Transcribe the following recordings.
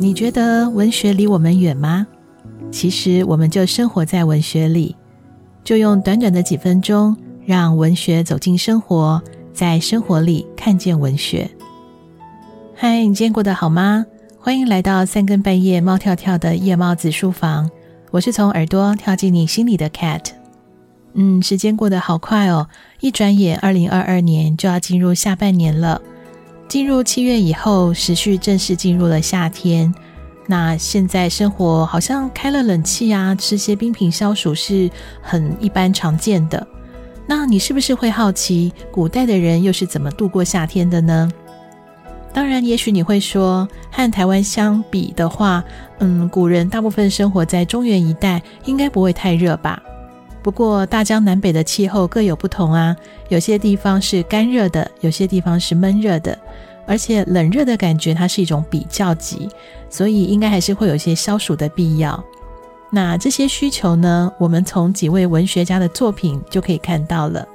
你覺得文學離我們遠嗎？其實我們就生活在文學裡，就用短短的幾分鐘，讓文學走進生活，在生活裡看見文學。嗨，你今天過得好嗎？歡迎來到三更半夜貓跳跳的夜貓子書房，我是從耳朵跳進你心裡的 cat。嗯，時間過得好快哦。一轉眼，2022年就要進入下半年了。進入七月以後，時序正式進入了夏天。那現在生活好像開了冷氣啊，吃些冰品消暑是很一般常見的。那你是不是會好奇，古代的人又是怎麼度過夏天的呢？當然，也許你會說，和台灣相比的話，嗯，古人大部分生活在中原一帶，應該不會太熱吧？不過大江南北的氣候各有不同啊，有些地方是乾熱的，有些地方是悶熱的，而且冷熱的感覺它是一種比較級，所以應該還是會有一些消暑的必要。那這些需求呢，我們從幾位文學家的作品就可以看到了。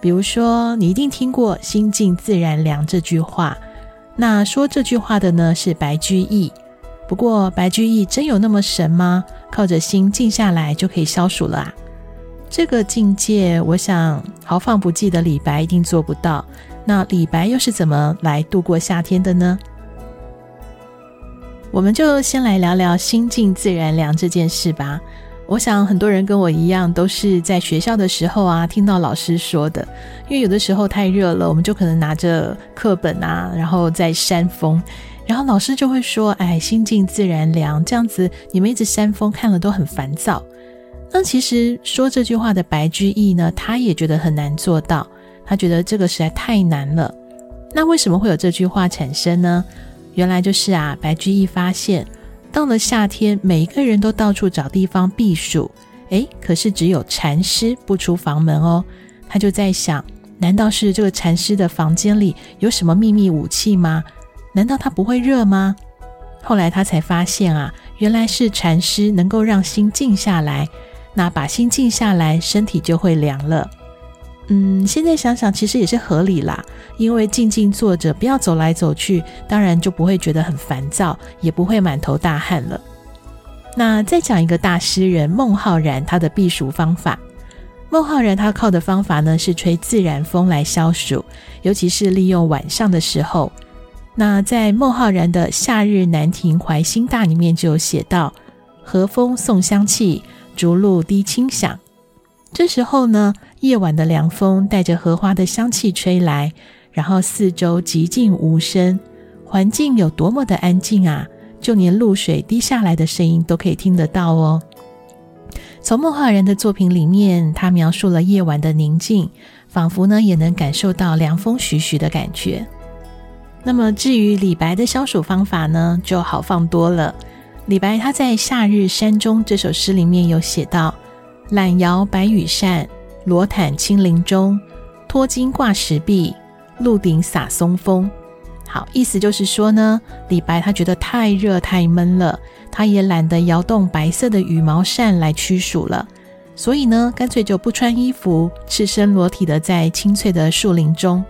比如說，你一定聽過“心靜自然涼”這句話，那說這句話的呢是白居易。不過，白居易真有那麼神嗎？靠着心靜下來就可以消暑了啊。這個境界，我想豪放不羈的李白一定做不到。那李白又是怎麼來度過夏天的呢？我們就先來聊聊“心靜自然涼”這件事吧。我想很多人跟我一樣，都是在學校的時候啊，聽到老師說的。因為有的時候太熱了，我們就可能拿着課本啊，然後在扇風，然後老師就會說：“哎，心靜自然涼，這樣子你們一直扇風，看了都很煩躁。”那其實說這句話的白居易呢，他也覺得很難做到，他覺得這個實在太難了。那為什麼會有這句話產生呢？原來就是啊，白居易發現到了夏天，每一個人都到處找地方避暑，誒，可是只有禪師不出房門哦。他就在想，難道是這個禪師的房間裡有什麼秘密武器嗎？難道他不會熱嗎？後來他才發現啊，原來是禪師能夠讓心靜下來。那把心靜下來，身體就會涼了。嗯，現在想想，其實也是合理啦。因為靜靜坐着，不要走來走去，當然就不會覺得很煩躁，也不會滿頭大汗了。那再講一個大詩人孟浩然，他的避暑方法，孟浩然他靠的方法呢，是吹自然風來消暑，尤其是利用晚上的時候。那在孟浩然的《夏日南亭懷辛大》裡面就有寫到：“荷風送香氣。”竹露滴清響，這時候呢，夜晚的涼風帶着荷花的香氣吹來，然後四周寂靜無聲，環境有多麼的安靜啊！就連露水滴下來的聲音都可以聽得到哦。從孟浩然的作品裡面，他描述了夜晚的寧靜，仿佛呢也能感受到涼風徐徐的感覺。那麼，至於李白的消暑方法呢，就豪放多了。李白他在《夏日山中》這首詩裡面有寫到：“懶搖白羽扇，裸袒青林中。脫巾掛石壁，露頂灑松風。”好，意思就是說呢，李白他覺得太熱太悶了，他也懶得搖動白色的羽毛扇來驅暑了，所以呢，乾脆就不穿衣服，赤身裸體的在青翠的樹林中，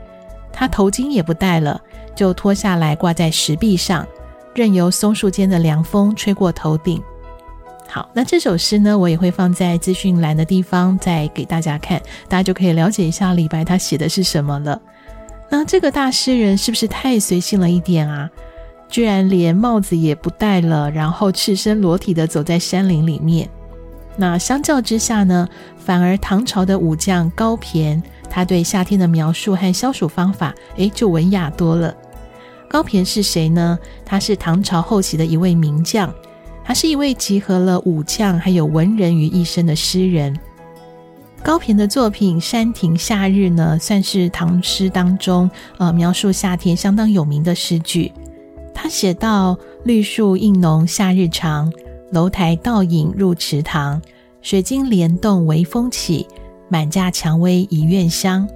他頭巾也不戴了，就脫下來掛在石壁上。任由松樹間的涼風吹過頭頂。好，那這首詩呢，我也會放在資訊欄的地方，再給大家看，大家就可以了解一下李白他寫的是什麼了。那這個大詩人是不是太隨性了一點啊？居然連帽子也不戴了，然後赤身裸體的走在山林裡面。那相較之下呢，反而唐朝的武將高駢，他對夏天的描述和消暑方法，誒，就文雅多了。高駢是誰呢？他是唐朝後期的一位名將，他是一位集合了武將還有文人於一身的詩人。高駢的作品《山亭夏日》呢，算是唐詩當中呃描述夏天相當有名的詩句。他寫道：“綠樹陰濃夏日長，樓臺倒影入池塘。水晶簾動微風起，滿架薔薇一院香。”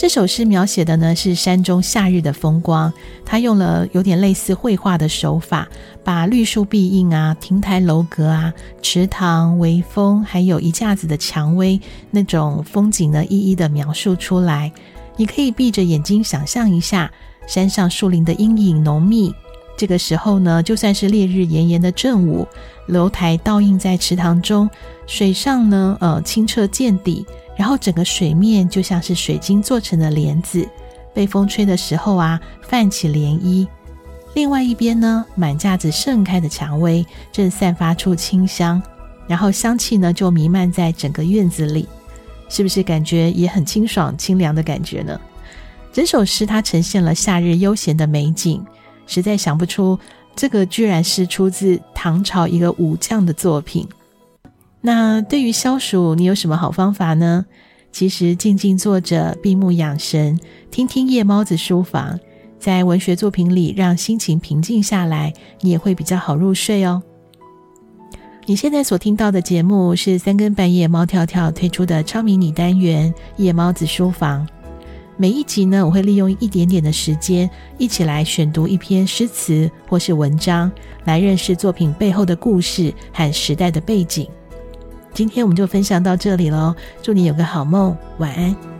這首詩描寫的呢是山中夏日的風光，它用了有點類似繪畫的手法，把綠樹碧映啊、亭台樓閣啊、池塘、微風，還有一架子的薔薇那種風景呢，一一地描述出來。你可以閉着眼睛想象一下，山上樹林的陰影濃密，這個時候呢，就算是烈日炎炎的正午，樓台倒映在池塘中，水上呢，呃，清澈見底。然後整個水面就像是水晶做成的簾子，被風吹的時候啊，泛起漣漪。另外一邊呢，滿架子盛開的薔薇正散發出清香，然後香氣呢就彌漫在整個院子裡，是不是感覺也很清爽清涼的感覺呢？整首詩它呈現了夏日悠閒的美景，實在想不出這個居然是出自唐朝一個武將的作品。那對於消暑，你有什麼好方法呢？其實靜靜坐着，閉目養神，聽聽夜貓子書房，在文學作品裡讓心情平靜下來，你也會比較好入睡哦。你現在所聽到的節目是三更半夜貓跳跳推出的超迷你單元“夜貓子書房”。每一集呢，我會利用一點點的時間，一起來選讀一篇詩詞或是文章，來認識作品背後的故事和時代的背景。今天我們就分享到這裡嘍，祝你有個好夢，晚安。